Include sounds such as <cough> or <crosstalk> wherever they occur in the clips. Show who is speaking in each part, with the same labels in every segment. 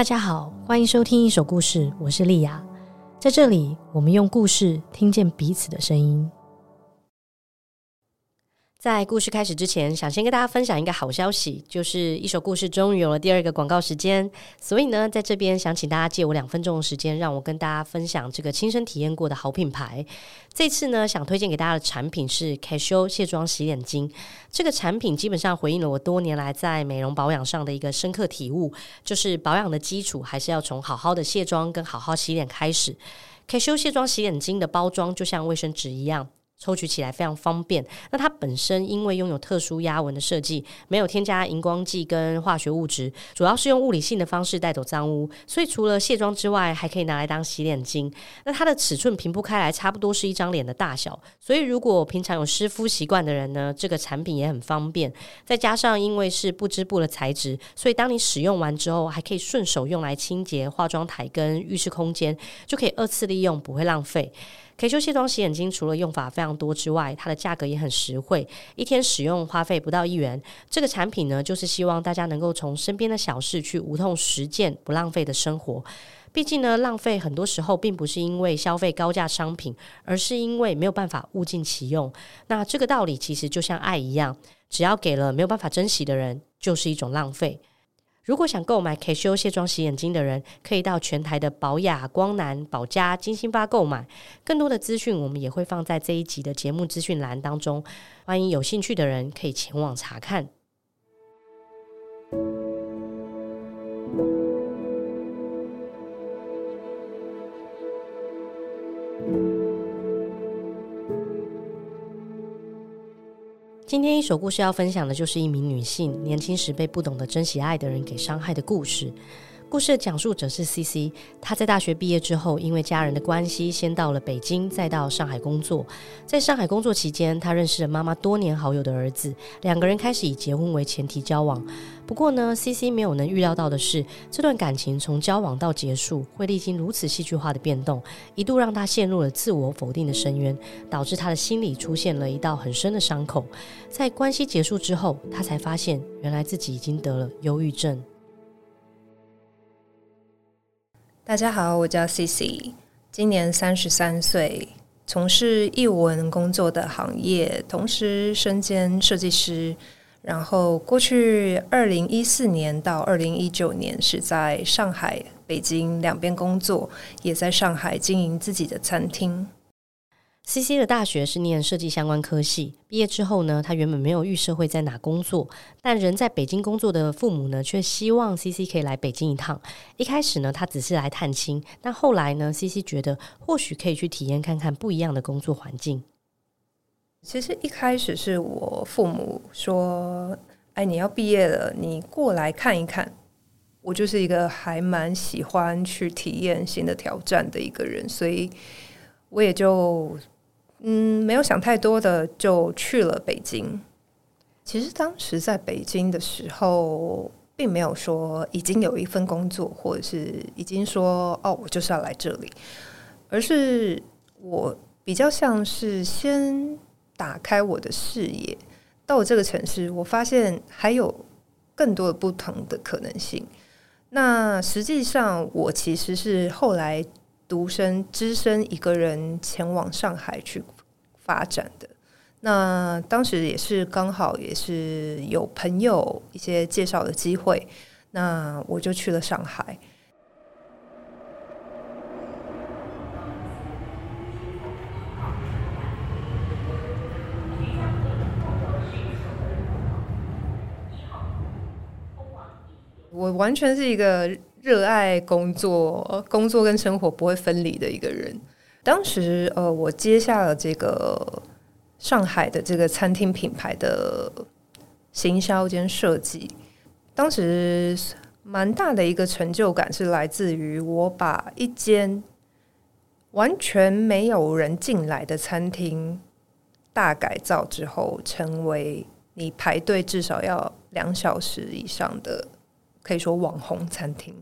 Speaker 1: 大家好，歡迎收聽《一手故事》，我是莉雅，在這裡，我們用故事聽見彼此的聲音。在故事開始之前，想先跟大家分享一個好消息，就是一手故事終於有了第二個廣告時間。所以呢，在這邊想請大家借我兩分鐘的時間，讓我跟大家分享這個親身體驗過的好品牌。這次呢，想推薦給大家的產品是 kesho 卸妝洗臉巾。這個產品基本上回應了我多年來在美容保養上的一個深刻體悟，就是保養的基礎還是要從好好的卸妝跟好好洗臉開始。kesho 卸妝洗臉巾的包裝就像衛生紙一樣。抽取起來非常方便。那它本身因為擁有特殊壓紋的設計，沒有添加熒光劑跟化學物質，主要是用物理性的方式帶走髒污，所以除了卸妝之外，還可以拿來當洗臉巾。那它的尺寸平鋪開來，差不多是一張臉的大小。所以如果平常有濕敷習慣的人呢，這個產品也很方便。再加上因為是不織布的材質，所以當你使用完之後，還可以順手用來清潔化妝台跟浴室空間，就可以二次利用，不會浪費。Kesho 卸妝洗臉巾除了用法非常多之外，它的價格也很實惠，一天使用花費不到一元。這個產品呢，就是希望大家能夠從身邊的小事去無痛實踐不浪費的生活。畢竟呢，浪費很多時候並不是因為消費高價商品，而是因為沒有辦法物盡其用。那這個道理其實就像愛一樣，只要給了沒有辦法珍惜的人，就是一種浪費。如果想購買 kesho 卸妝洗臉巾的人，可以到全台的寶雅、光南、寶家、金興發購買。更多的資訊，我們也會放在這一集的節目資訊欄當中，歡迎有興趣的人可以前往查看。今天，一手故事要分享的，就是一名女性，年輕時被不懂得珍惜愛的人給傷害的故事。故事的講述者是 CC，他在大學畢業之後，因為家人的關係，先到了北京，再到上海工作。在上海工作期間，他認識了媽媽多年好友的兒子，兩個人開始以結婚為前提交往。不過呢，CC 沒有能預料到的是，這段感情從交往到結束，會歷經如此戲劇化的變動，一度讓他陷入了自我否定的深淵，導致他的心裡出現了一道很深的傷口。在關係結束之後，他才發現，原來自己已經得了憂鬱症。
Speaker 2: 大家好，我叫 CC，今年三十三歲，從事藝文工作的行業，同時身兼設計師。然後，過去二零一四年到二零一九年是在上海、北京兩邊工作，也在上海經營自己的餐廳。C C 的大學是
Speaker 1: 念設計相關科系，畢業之後呢，他原本沒有預設會在哪工作，但人在北京工作的父母呢，卻希望 C C 可以來北京一趟。一開始呢，他只是來探親，但後來呢，C C 覺得或許可以去體驗看看不一樣的工作環境。
Speaker 2: 其實一開始是我父母說：“哎，你要畢業了，你過來看一看。”我就是一個還蠻喜歡去體驗新的挑戰的一個人，所以。我也就嗯，沒有想太多的，就去了北京。其實當時在北京的時候，並沒有說已經有一份工作，或者是已經說哦，我就是要來這裡，而是我比較像是先打開我的視野，到這個城市，我發現還有更多的不同的可能性。那實際上，我其實是後來。獨身，只身一個人前往上海去發展的。那當時也是剛好也是有朋友一些介紹的機會，那我就去了上海。我完全是一個。熱愛工作，工作跟生活不會分離的一個人。當時，呃，我接下了這個上海的這個餐廳品牌的行銷兼設計。當時，蠻大的一個成就感是來自於我把一間完全沒有人進來的餐廳大改造之後，成為你排隊至少要兩小時以上的。可以說網紅餐廳，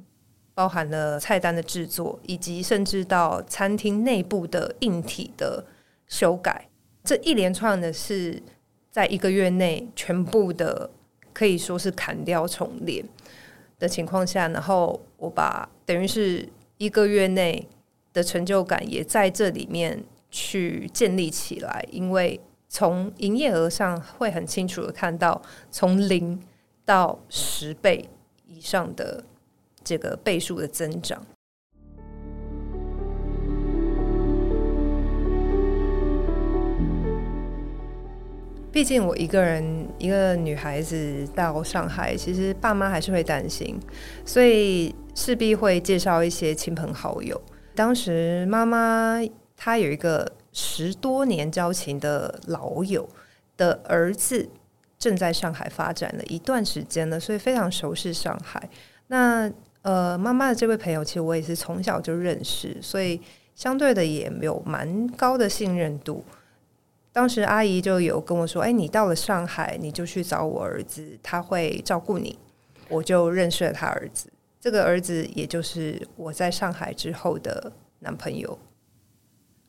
Speaker 2: 包含了菜單的制作，以及甚至到餐廳內部的硬體的修改。這一連串的是在一個月內全部的可以說是砍掉重練的情況下，然後我把等於是一個月內的成就感也在這裡面去建立起來。因為從營業額上會很清楚的看到，從零到十倍，以上的這個倍數的增長。畢竟我一個人，一個女孩子到上海，其實爸媽還是會擔心，所以勢必會介紹一些親朋好友。當時媽媽她有一個十多年交情的老友的兒子。正在上海發展了一段時間了，所以非常熟悉上海。那呃，媽媽的這位朋友，其實我也是從小就認識，所以相對的也有蠻高的信任度。當時阿姨就有跟我說：“哎，你到了上海，你就去找我兒子，他會照顧你。”我就認識了他兒子，這個兒子也就是我在上海之後的男朋友。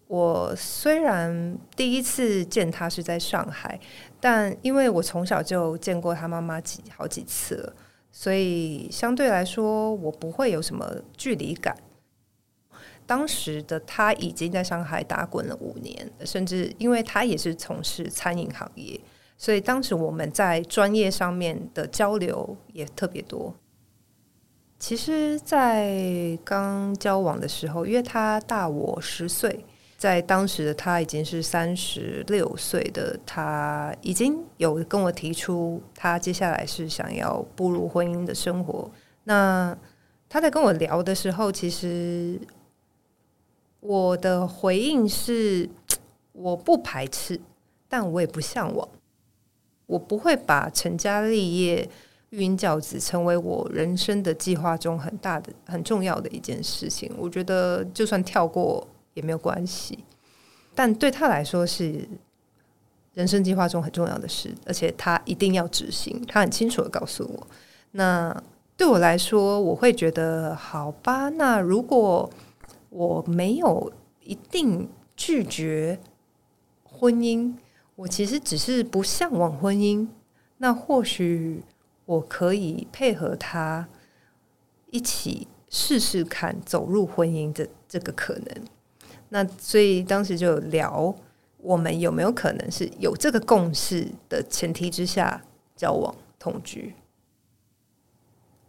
Speaker 2: 我雖然第一次見他是在上海，但因為我從小就見過他媽媽幾好幾次了，所以相對來說我不會有什麼距離感。當時的他已經在上海打滾了五年，甚至因為他也是從事餐飲行業，所以當時我們在專業上面的交流也特別多。其實，在剛交往的時候，因為他大我十歲。在當時，他已經是三十六歲的他已經有跟我提出，他接下來是想要步入婚姻的生活。那他在跟我聊的時候，其實我的回應是：我不排斥，但我也不嚮往。我不會把成家立業、育嬰教子成為我人生的計劃中很大的、很重要的一件事情。我覺得，就算跳過。也沒有關係，但對他來說是人生計劃中很重要的事，而且他一定要執行。他很清楚的告訴我，那對我來說，我會覺得好吧。那如果我沒有一定拒絕婚姻，我其實只是不向往婚姻，那或許我可以配合他一起試試看走入婚姻的這個可能。那所以當時就聊，我們有沒有可能是有這個共識的前提之下交往同居。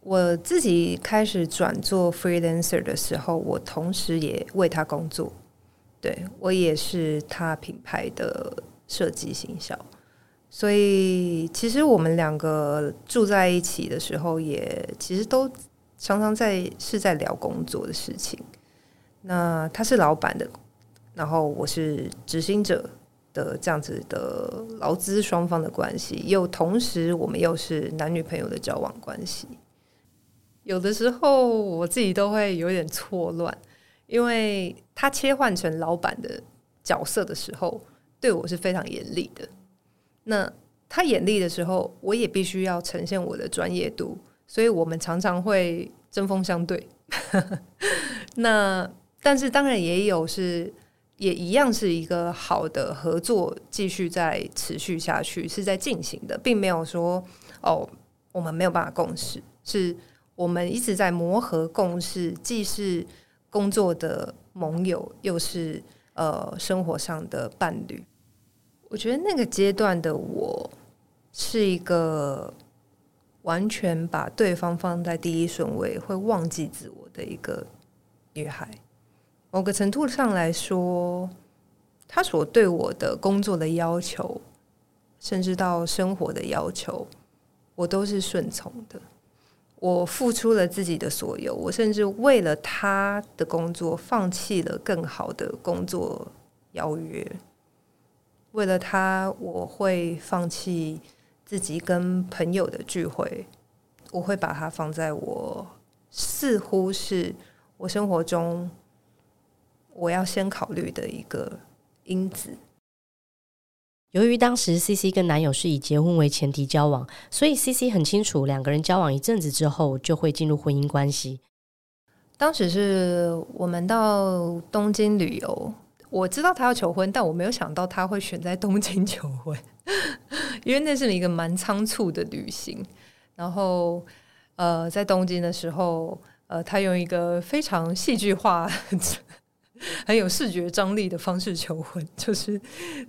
Speaker 2: 我自己開始轉做 freelancer 的時候，我同時也為他工作，對，我也是他品牌的設計行銷。所以其實我們兩個住在一起的時候，也其實都常常在是在聊工作的事情。那他是老闆的，然後我是執行者的這樣子的勞資雙方的關係，又同時我們又是男女朋友的交往關係。有的時候我自己都會有點錯亂，因為他切換成老闆的角色的時候，對我是非常嚴厲的。那他嚴厲的時候，我也必須要呈現我的專業度，所以我們常常會針鋒相對。 <laughs> 那。但是，當然也有是，也一樣是一個好的合作，繼續在持續下去，是在進行的，並沒有說哦，我們沒有辦法共事，是我們一直在磨合、共事，既是工作的盟友，又是呃生活上的伴侶。我覺得那個階段的我，是一個完全把對方放在第一順位，會忘記自我的一個女孩。某個程度上來說，他所對我的工作的要求，甚至到生活的要求，我都是順從的。我付出了自己的所有，我甚至為了他的工作放棄了更好的工作邀約。為了他，我會放棄自己跟朋友的聚會，我會把它放在我，似乎是我生活中。我要先考慮的一個因子。
Speaker 1: 由於當時 CC 跟男友是以結婚為前提交往，所以 CC 很清楚，兩個人交往一陣子之後就會進入婚姻關係。
Speaker 2: 當時是我們到東京旅遊，我知道他要求婚，但我沒有想到他會選在東京求婚，因為那是一個蠻倉促的旅行。然後，呃，在東京的時候，呃，他用一個非常戲劇化。很有視覺張力的方式求婚，就是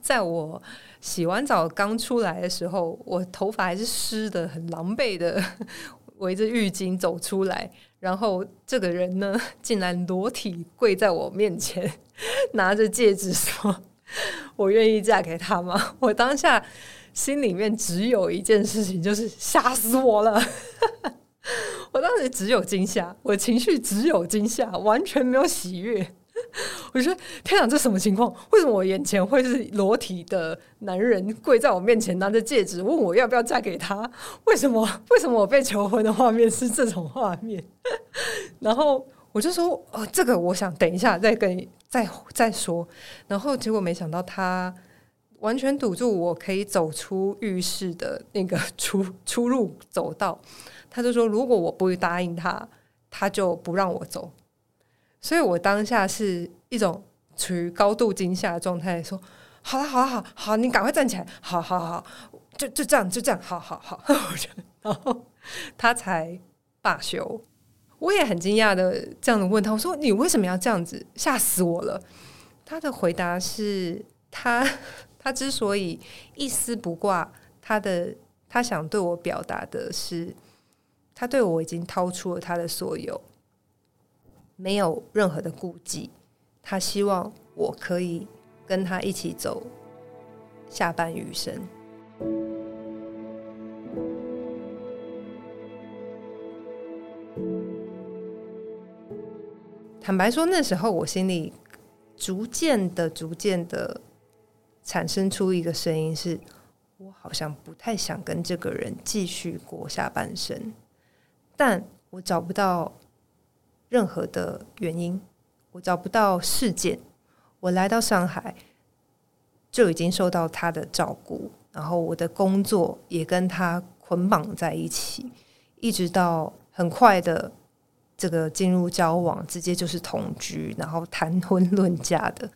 Speaker 2: 在我洗完澡剛出來的時候，我頭髮還是濕的，很狼狽的圍着浴巾走出來，然後這個人呢竟然，裸體跪在我面前，拿着戒指說：“我願意嫁給他嗎？”我當下心裡面只有一件事情，就是嚇死我了！ <laughs> 我當時只有驚嚇，我情緒只有驚嚇，完全沒有喜悅。我說：“天哪，這什麼情況？為什麼我眼前會是裸體的男人跪在我面前，拿着戒指問我要不要嫁給他？為什麼？為什麼我被求婚的畫面是這種畫面？”然後我就說：“哦，這個我想等一下再跟你再再說。”然後結果沒想到他完全堵住我可以走出浴室的那個出出路走道，他就說：“如果我不會答應他，他就不讓我走。”所以我當下是一種處於高度驚嚇的狀態，說：“好了，好了，好好，你趕快站起來，好好好，就就這樣，就這樣，好好好。 <laughs> ”然後他才罷休。我也很驚訝的這樣子問他：“我說你為什麼要這樣子？嚇死我了！”他的回答是他，他之所以一絲不掛，他的他想對我表達的是，他對我已經掏出了他的所有。沒有任何的顧忌，他希望我可以跟他一起走下半余生。坦白說，那時候我心裡逐漸的、逐漸的產生出一個聲音是：是我好像不太想跟這個人繼續過下半生，但我找不到。任何的原因，我找不到事件。我來到上海就已經受到他的照顧，然後我的工作也跟他捆綁在一起，一直到很快的這個進入交往，直接就是同居，然後談婚論嫁的。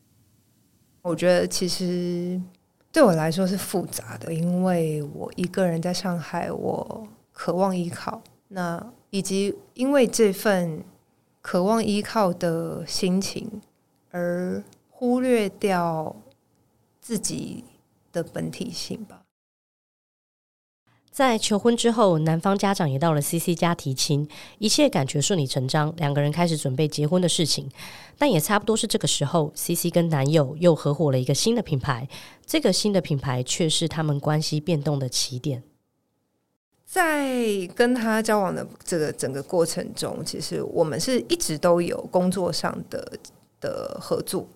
Speaker 2: 我覺得其實對我來說是複雜的，因為我一個人在上海，我渴望依靠，那以及因為這份。渴望依靠的心情，而忽略掉自己的本體性吧。
Speaker 1: 在求婚之後，男方家長也到了 CC 家提親，一切感覺順理成章，兩個人開始準備結婚的事情。但也差不多是這個時候，CC 跟男友又合夥了一個新的品牌，這個新的品牌卻是他們關係變動的起點。
Speaker 2: 在跟他交往的這個整個過程中，其實我們是一直都有工作上的的合作。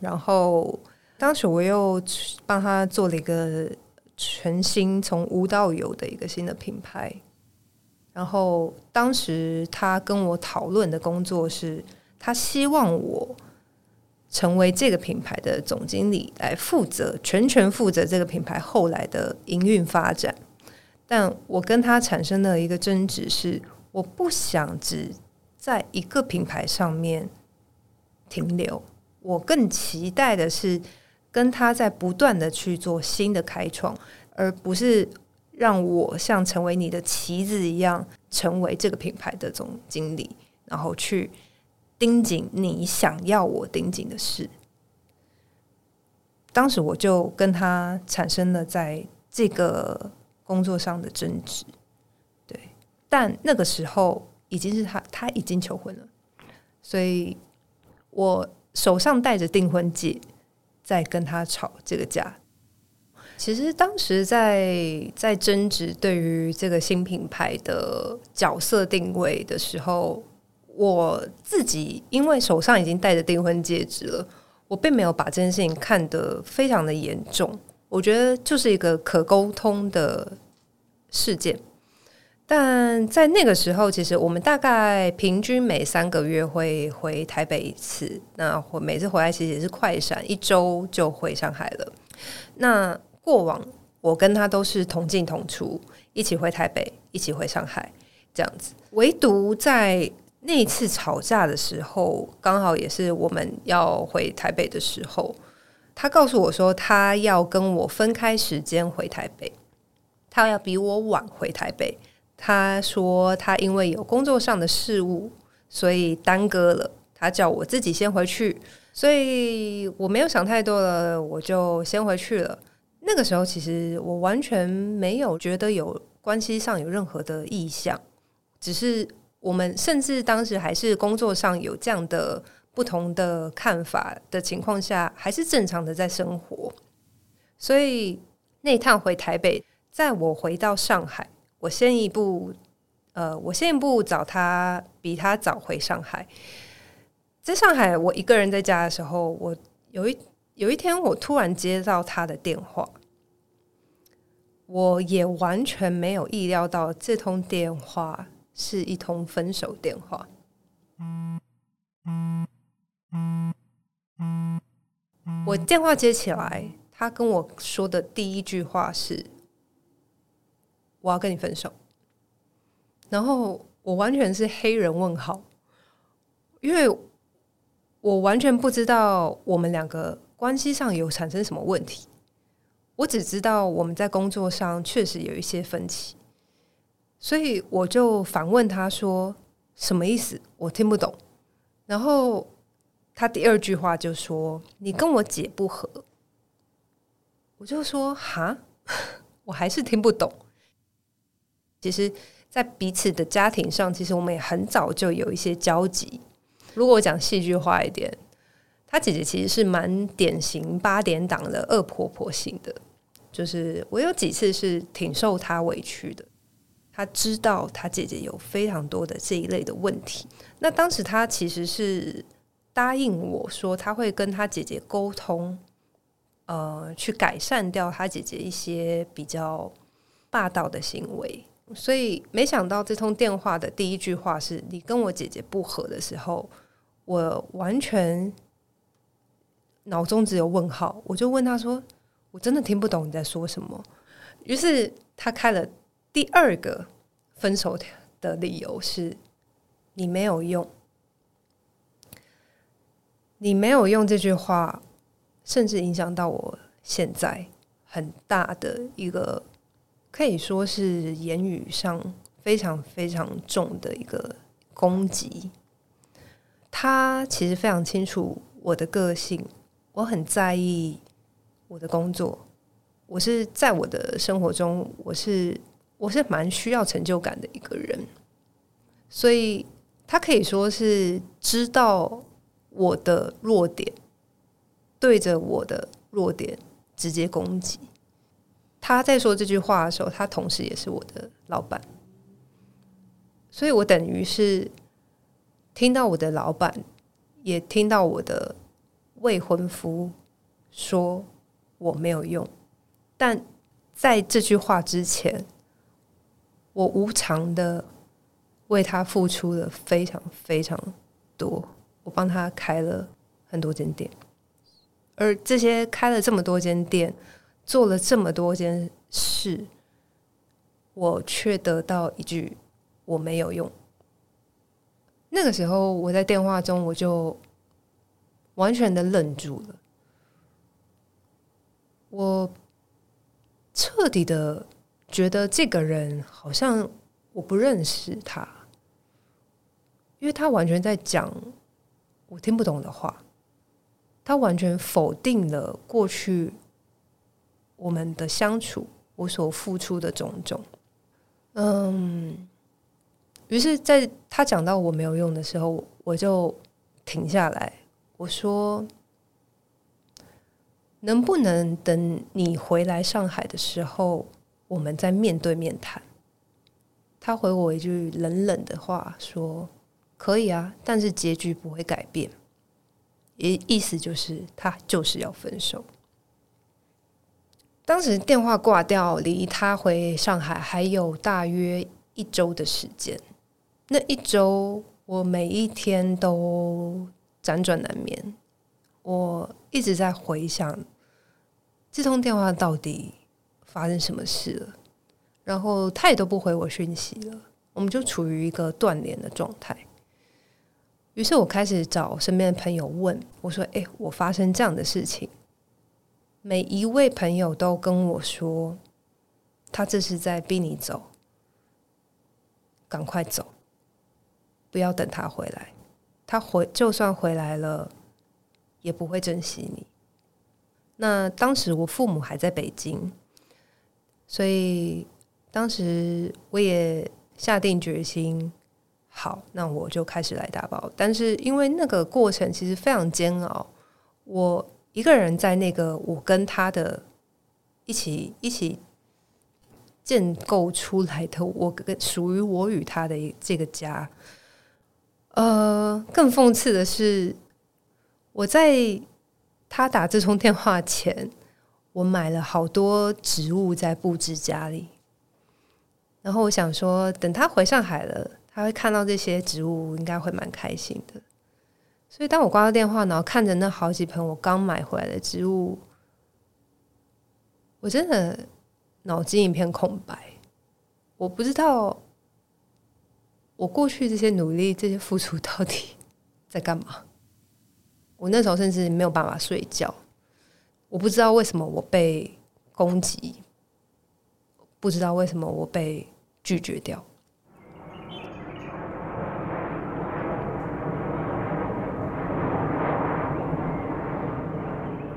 Speaker 2: 然後當時我又幫他做了一個全新從無到有的一個新的品牌。然後當時他跟我討論的工作是，他希望我成為這個品牌的總經理，來負責，全權負責這個品牌後來的營運發展。但我跟他產生的一個爭執是，我不想只在一個品牌上面停留。我更期待的是，跟他在不斷的去做新的開創，而不是讓我像成為你的棋子一樣，成為這個品牌的總經理，然後去盯緊你想要我盯緊的事。當時我就跟他產生了在這個。工作上的爭執，對，但那個時候已經是他他，已經求婚了，所以我手上戴着訂婚戒，在跟他吵這個架。其實當時在在爭執對於這個新品牌的角色定位的時候，我自己因為手上已經戴着訂婚戒指了，我並沒有把這件事情看得非常的嚴重。我覺得就是一個可溝通的事件，但在那個時候，其實我們大概平均每三個月會回台北一次。那每次回來其實也是快閃，一周就回上海了。那過往我跟他都是同進同出，一起回台北，一起回上海，這樣子。唯獨在那次吵架的時候，剛好也是我們要回台北的時候。他告訴我說，他要跟我分開時間回台北，他要比我晚回台北。他說他因為有工作上的事務，所以耽擱了。他叫我自己先回去，所以我沒有想太多了，我就先回去了。那個時候其實我完全沒有覺得有關係上有任何的意向，只是我們甚至當時還是工作上有這樣的。不同的看法的情況下，還是正常的在生活。所以那趟回台北，在我回到上海，我先一步，呃，我先一步找他，比他早回上海。在上海，我一個人在家的時候，我有一有一天，我突然接到他的電話，我也完全沒有意料到這通電話是一通分手電話。嗯嗯我電話接起來，他跟我說的第一句話是：“我要跟你分手。”然後我完全是黑人問號，因為我完全不知道我們兩個關係上有產生什麼問題。我只知道我們在工作上確實有一些分歧，所以我就反問他說：“什麼意思？我聽不懂。”然後。他第二句話就說：“你跟我姐不合。”我就說：“哈，我還是聽不懂。”其實，在彼此的家庭上，其實我們也很早就有一些交集。如果我講戲劇化一點，他姐姐其實是蠻典型八點檔的惡婆婆型的，就是我有幾次是挺受她委屈的。她知道她姐姐有非常多的這一類的問題。那當時她其實是。答應我說他會跟他姐姐溝通，呃，去改善掉他姐姐一些比較霸道的行為。所以沒想到這通電話的第一句話是“你跟我姐姐不和”的時候，我完全腦中只有問號。我就問他說：“我真的聽不懂你在說什麼。”於是他開了第二個分手的理由是：“你沒有用。”你沒有用這句話，甚至影響到我現在很大的一個，可以說是言語上非常非常重的一個攻擊。他其實非常清楚我的個性，我很在意我的工作，我是在我的生活中，我是我是蠻需要成就感的一個人，所以他可以說是知道。我的弱點，對着我的弱點直接攻擊。他在說這句話的時候，他同時也是我的老板，所以我等於是聽到我的老板也聽到我的未婚夫說我沒有用。但在這句話之前，我無償的為他付出了非常非常多。我幫他開了很多間店，而這些開了這麼多間店，做了這麼多件事，我卻得到一句“我沒有用”。那個時候，我在電話中我就完全的愣住了，我徹底的覺得這個人好像我不認識他，因為他完全在講。我聽不懂的話，他完全否定了過去我們的相處，我所付出的種種。嗯，於是在他講到我沒有用的時候，我就停下來，我說：“能不能等你回來上海的時候，我們再面對面談？”他回我一句冷冷的話說。可以啊，但是結局不會改變。也意思就是，他就是要分手。當時電話掛掉，離他回上海還有大約一周的時間。那一周，我每一天都輾轉難眠，我一直在回想這通電話到底發生什麼事了。然後他也都不回我訊息了，我們就處於一個斷聯的狀態。於是我開始找身邊的朋友問我說，哎、欸，我發生這樣的事情，每一位朋友都跟我說，他這是在逼你走，趕快走，不要等他回來。他回就算回來了，也不會珍惜你。那當時我父母還在北京，所以當時我也下定決心。好，那我就開始來打包。但是因為那個過程其實非常煎熬，我一個人在那個我跟他的一起一起建構出來的我跟屬於我與他的這個家。呃，更諷刺的是，我在他打這通電話前，我買了好多植物在布置家裡，然後我想說，等他回上海了。他會看到這些植物，應該會蠻開心的。所以，當我掛了電話，然後看着那好幾盆我剛買回來的植物，我真的腦筋一片空白。我不知道我過去這些努力、這些付出到底在幹嘛。我那時候甚至沒有辦法睡覺。我不知道為什麼我被攻擊，不知道為什麼我被拒絕掉。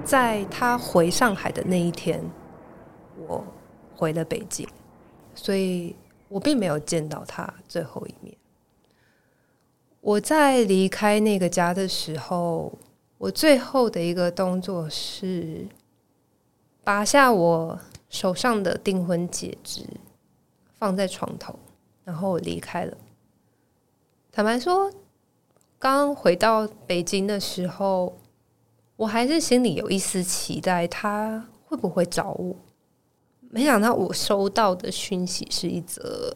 Speaker 2: 在他回上海的那一天，我回了北京，所以我並沒有見到他最後一面。我在離開那個家的時候，我最後的一個動作是拔下我手上的訂婚戒指，放在床頭，然後我離開了。坦白說，剛回到北京的時候。我還是心裡有一絲期待，他會不會找我？沒想到我收到的訊息是一則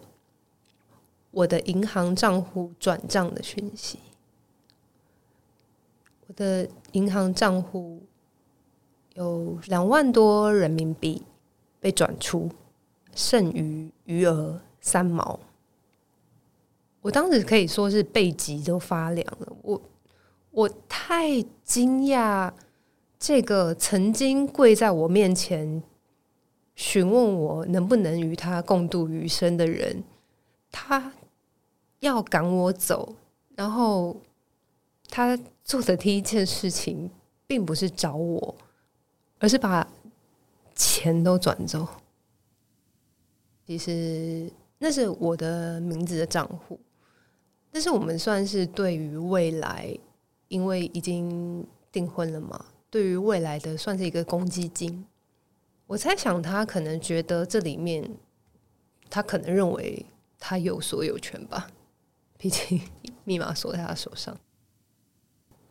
Speaker 2: 我的銀行賬戶轉賬的訊息，我的銀行賬戶有兩萬多人民幣被轉出，剩餘餘額三毛。我當時可以說是背脊都發涼了，我我太。驚訝，這個曾經跪在我面前詢問我能不能與他共度餘生的人，他要趕我走，然後他做的第一件事情並不是找我，而是把錢都轉走。其實那是我的名字的賬戶，但是我們算是對於未來。因為已經訂婚了嘛，對於未來的算是一個公積金。我猜想他可能覺得這裡面，他可能認為他有所有權吧，畢竟密碼鎖在他手上。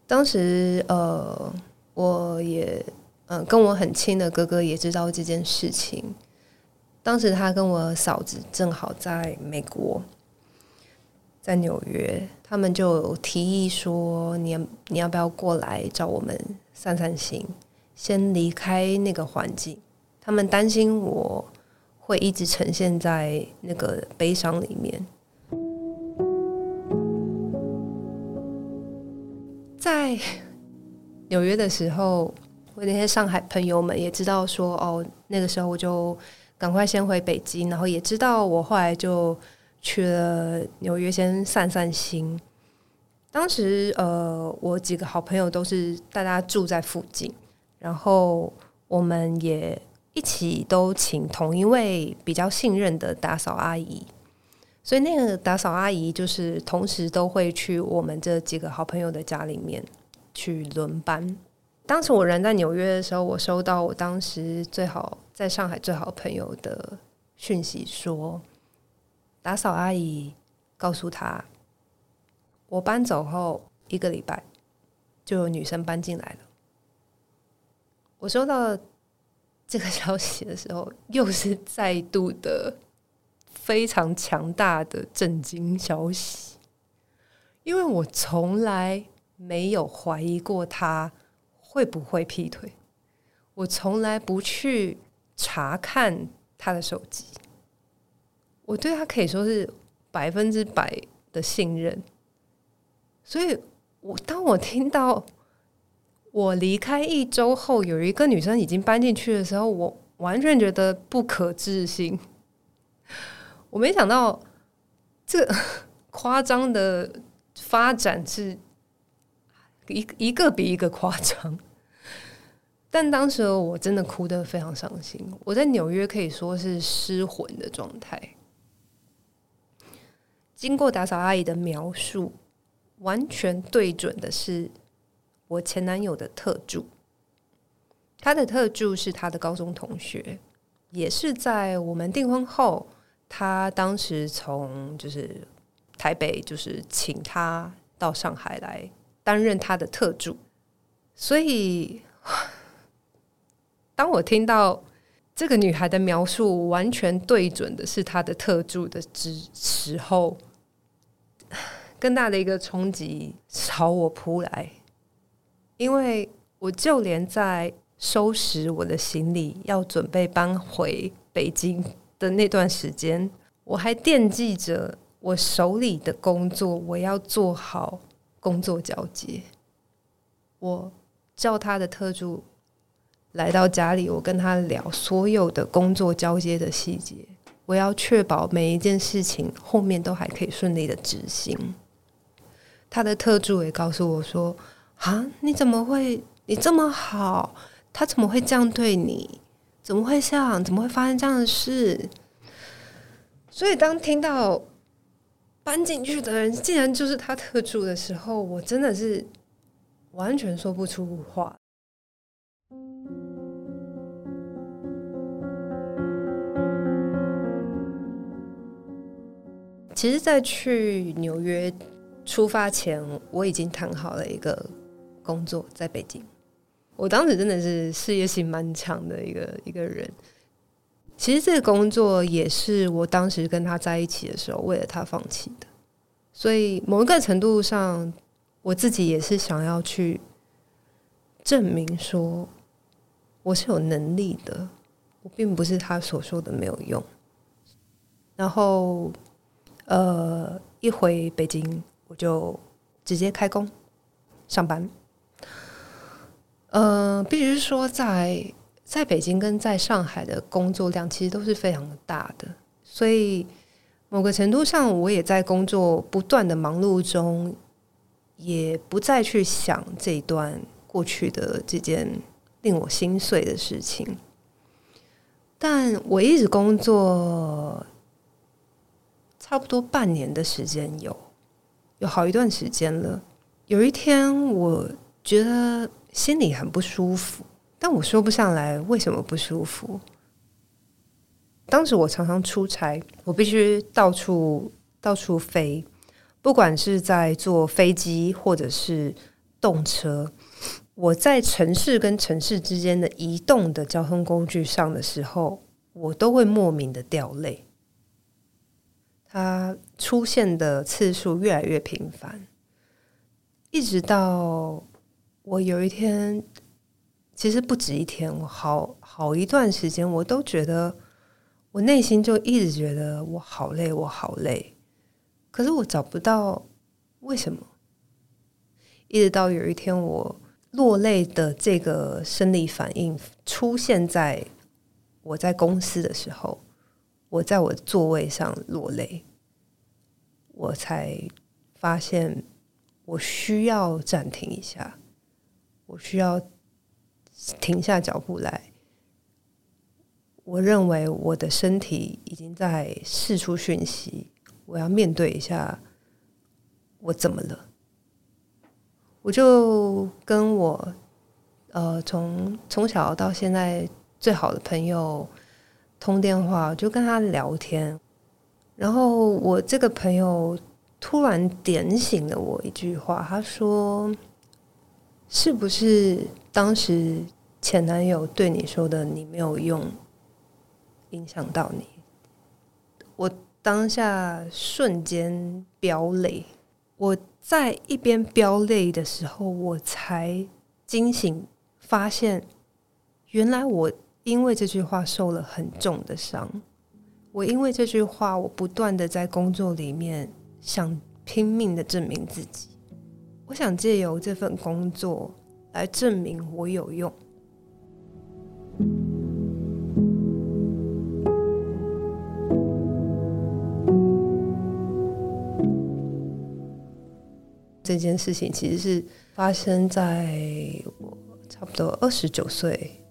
Speaker 2: 當時，呃，我也，嗯、呃，跟我很親的哥哥也知道這件事情。當時他跟我嫂子正好在美國。在紐約，他們就有提議說：“你你要不要過來找我們散散心，先離開那個環境？”他們擔心我會一直呈現在那個悲傷裡面。在紐約的時候，我那些上海朋友們也知道說：“哦，那個時候我就趕快先回北京。”然後也知道我後來就。去了紐約先散散心。當時呃，我幾個好朋友都是大家住在附近，然後我們也一起都請同一位比較信任的打掃阿姨。所以那個打掃阿姨就是同時都會去我們這幾個好朋友的家裡面去輪班。當時我人在紐約的時候，我收到我當時最好在上海最好朋友的訊息說。打掃阿姨告訴他：“我搬走後一個禮拜，就有女生搬進來了。”我收到這個消息的時候，又是再度的非常強大的震驚消息，因為我從來沒有懷疑過他會不會劈腿，我從來不去查看他的手機。我對他可以說是百分之百的信任，所以，我當我聽到我離開一周後，有一個女生已經搬進去的時候，我完全覺得不可置信。我沒想到這誇張 <laughs> 的發展是一一個比一個誇張，但當時我真的哭得非常傷心。我在紐約可以說是失魂的狀態。經過打掃阿姨的描述，完全對準的是我前男友的特助。他的特助是他的高中同學，也是在我們訂婚後，他當時從就是台北，就是請他到上海來擔任他的特助。所以，當我聽到這個女孩的描述完全對準的是他的特助的時時候。更大的一個衝擊朝我撲來，因為我就連在收拾我的行李要準備搬回北京的那段時間，我還惦記着我手裡的工作，我要做好工作交接。我叫他的特助來到家裡，我跟他聊所有的工作交接的細節，我要確保每一件事情後面都還可以順利的執行。他的特助也告訴我說：“啊，你怎麼會你這麼好？他怎麼會這樣對你？怎麼會像，怎麼會發生這樣的事？”所以，當聽到搬進去的人竟然就是他特助的時候，我真的是完全說不出話。其實，在去紐約。出發前，我已經談好了一個工作，在北京。我當時真的是事業心蠻強的一個一個人。其實這個工作也是我當時跟他在一起的時候為了他放棄的。所以某一個程度上，我自己也是想要去證明說我是有能力的，我並不是他所說的沒有用。然後，呃，一回北京。就直接開工上班。呃，必須說在，在在北京跟在上海的工作量其實都是非常的大的，所以某個程度上，我也在工作不斷的忙碌中，也不再去想這一段過去的這件令我心碎的事情。但我一直工作差不多半年的時間有，有好一段時間了，有一天，我覺得心裡很不舒服，但我說不上來為什麼不舒服。當時我常常出差，我必須到處到處飛，不管是在坐飛機或者是動車，我在城市跟城市之間的移動的交通工具上的時候，我都會莫名的掉淚。他出現的次數越來越頻繁，一直到我有一天，其實不止一天，我好好一段時間，我都覺得我內心就一直覺得我好累，我好累，可是我找不到為什麼。一直到有一天，我落淚的這個生理反應出現在我在公司的時候。我在我座位上落淚，我才發現我需要暫停一下，我需要停下腳步來。我認為我的身體已經在釋出訊息，我要面對一下我怎麼了。我就跟我呃，從從小到現在最好的朋友。通電話就跟他聊天，然後我這個朋友突然點醒了我一句話，他說：“是不是當時前男友對你說的‘你沒有用’影響到你？”我當下瞬間飆淚。我在一邊飆淚的時候，我才驚醒，發現原來我。因為這句話受了很重的傷，我因為這句話，我不斷的在工作裡面想拼命的證明自己，我想借由這份工作來證明我有用。這件事情其實是發生在我差不多二十九歲。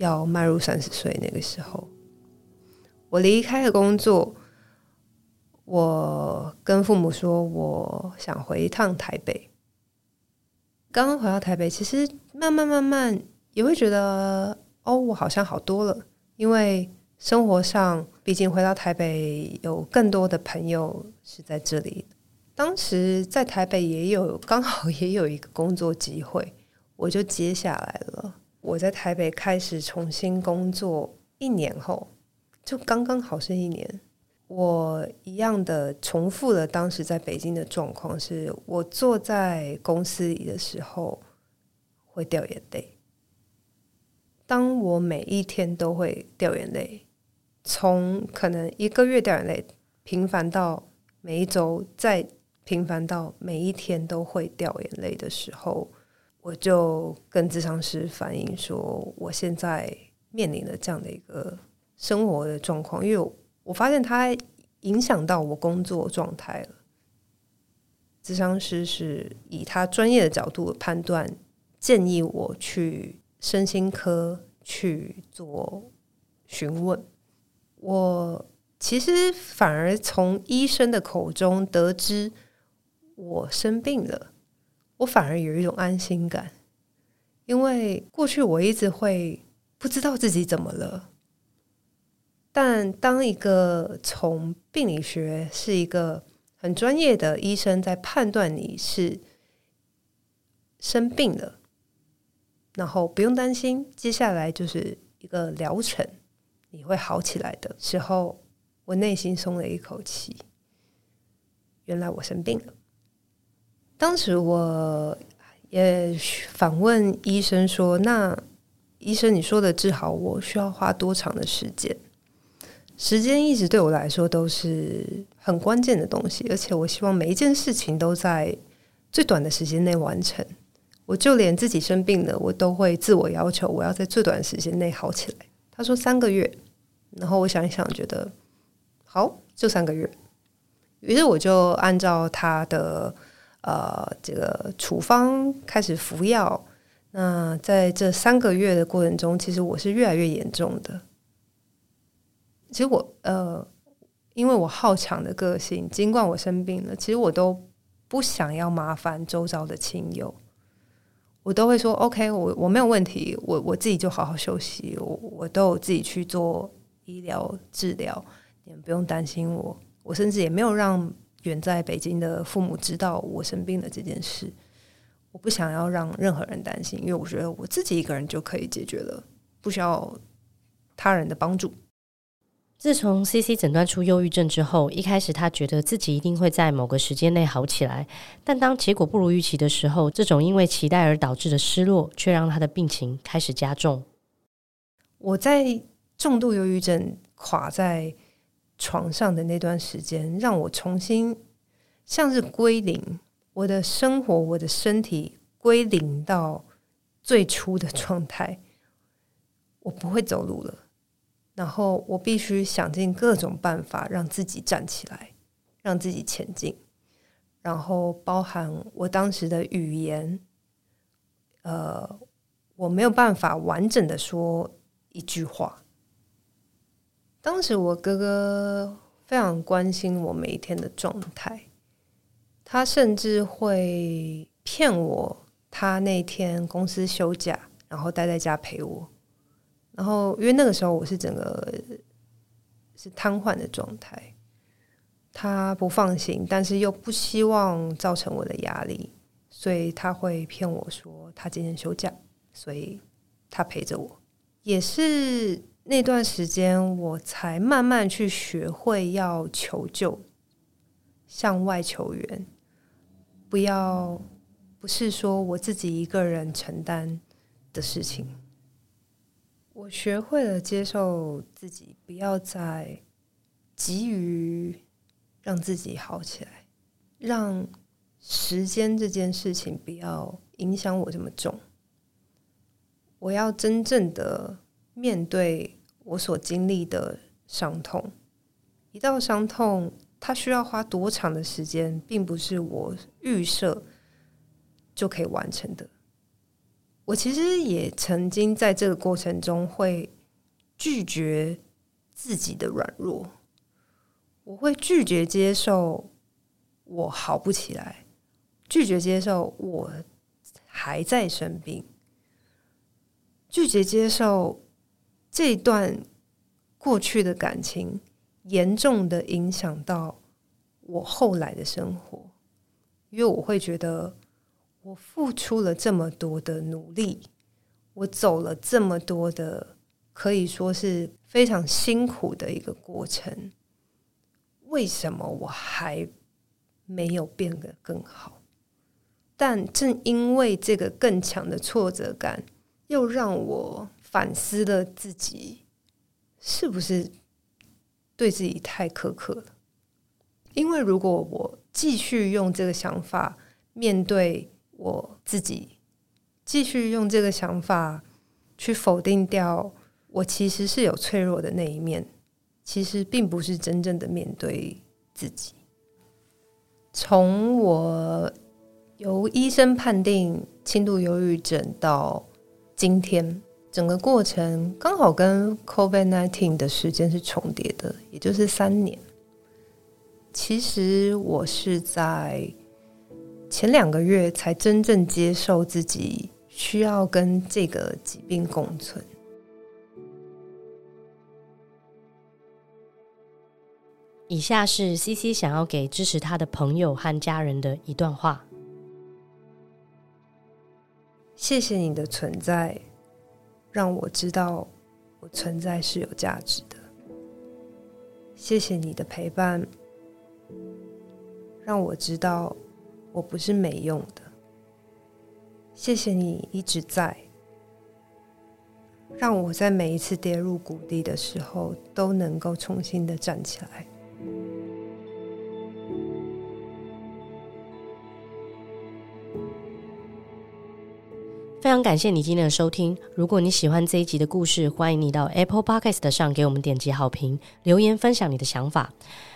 Speaker 2: 要邁入三十歲那個時候，我離開了工作，我跟父母說我想回一趟台北。剛剛回到台北，其實慢慢慢慢也會覺得哦，我好像好多了，因為生活上畢竟回到台北有更多的朋友是在這裡。當時在台北也有剛好也有一個工作機會，我就接下來了。我在台北開始重新工作一年後，就剛剛好是一年。我一樣的重複了當時在北京的狀況，是我坐在公司裡的時候會掉眼淚。當我每一天都會掉眼淚，從可能一個月掉眼淚，頻繁到每一週，再頻繁到每一天都會掉眼淚的時候。我就跟諮商師反映說，我現在面臨了這樣的一個生活的狀況，因為我發現它影響到我工作狀態了。諮商師是以他專業的角度的判斷，建議我去身心科去做詢問。我其實反而從醫生的口中得知，我生病了。我反而有一種安心感，因為過去我一直會不知道自己怎麼了，但當一個從病理學是一個很專業的醫生在判斷你是生病了，然後不用擔心，接下來就是一個療程，你會好起來的時候，我內心鬆了一口氣。原來我生病了。當時我也反問醫生說：“那醫生，你說的治好我需要花多長的時間？時間一直對我來說都是很關鍵的東西，而且我希望每一件事情都在最短的時間內完成。我就連自己生病了，我都會自我要求，我要在最短的時間內好起來。”他說三個月，然後我想一想，覺得，好，就三個月，於是我就按照他的。呃，這個處方開始服藥。那在這三個月的過程中，其實我是越來越嚴重的。其實我呃，因為我好強的個性，儘管我生病了，其實我都不想要麻煩周遭的親友。我都會說 OK，我，我沒有問題，我，我自己就好好休息，我，我都有自己去做醫療治療，你們不用擔心我。我甚至也沒有讓遠在北京的父母知道我生病的這件事，我不想要讓任何人擔心，因為我覺得我自己一個人就可以解決了，不需要他人的幫助。自從
Speaker 1: CC 診斷出憂鬱症之後，一
Speaker 2: 開始他覺得自己一定會
Speaker 1: 在某個時間內好起來，但當結果不如預期的時候，這種因為期待而導致的失落，卻讓他的病情開始加重。
Speaker 2: 我在重度憂鬱症垮在床上的那段時間，讓我重新像是歸零，我的生活，我的身體歸零到最初的狀態。我不會走路了，然後我必須想盡各種辦法讓自己站起來，讓自己前進。然後包含我當時的語言，呃，我沒有辦法完整的說一句話。當時我哥哥非常關心我每一天的狀態，他甚至會騙我，他那天公司休假，然後待在家陪我。然後因為那個時候我是整個是癱瘓的狀態，他不放心，但是又不希望造成我的壓力，所以他會騙我說他今天休假，所以他陪着我，也是。那段時間，我才慢慢去學會要求救，向外求援，不要不是說我自己一個人承擔的事情。我學會了接受自己，不要再急於讓自己好起來，讓時間這件事情不要影響我這麼重。我要真正的。面對我所經歷的傷痛，一道傷痛，它需要花多長的時間，並不是我預設就可以完成的。我其實也曾經在這個過程中會拒絕自己的軟弱，我會拒絕接受我好不起來，拒絕接受我還在生病，拒絕接受。這段過去的感情嚴重的影響到我後來的生活，因為我會覺得我付出了這麼多的努力，我走了這麼多的，可以說是非常辛苦的一個過程，為什麼我還沒有變得更好？但正因為這個更強的挫折感，又讓我。反思了自己是不是對自己太苛刻了？因為如果我繼續用這個想法面對我自己，繼續用這個想法去否定掉我其實是有脆弱的那一面，其實並不是真正的面對自己。從我由醫生判定輕度憂鬱症到今天。整個過程剛好跟 COVID-19 的時間是重疊的，也就是三年。其實我是在前兩個月才真正接受自己需要跟這個疾病共存。
Speaker 1: 以下是 CC 想要給支持他的
Speaker 2: 朋友和家人的一段話：謝謝你的存在。讓我知道我存在是有價值的，謝謝你的陪伴，讓我知道我不是沒用的，謝謝你一直在，讓我在每一次跌入谷底的時候都能夠重新的站起來。
Speaker 1: 非常感謝你今天的收聽。如果你喜歡這一集的故事，歡迎你到 Apple Podcast 上給我們點擊好評、留言分享你的想法。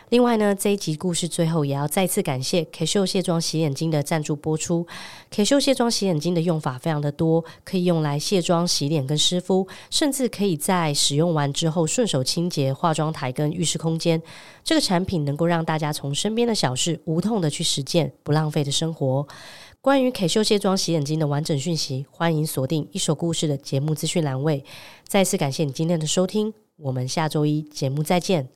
Speaker 1: 另外呢，這一集故事最後也要再次感謝 Kesho 卸妝洗臉巾的贊助播出。Kesho 卸妝洗臉巾的用法非常的多，可以用來卸妝、洗臉跟濕敷，甚至可以在使用完之後順手清潔化妝台跟浴室空間。這個產品能夠讓大家從身邊的小事無痛地去實踐不浪費的生活。關於 kesho 卸妝洗臉巾的完整訊息，歡迎鎖定一手故事的節目資訊欄位。再次感謝你今天的收聽，我們下周一節目再見。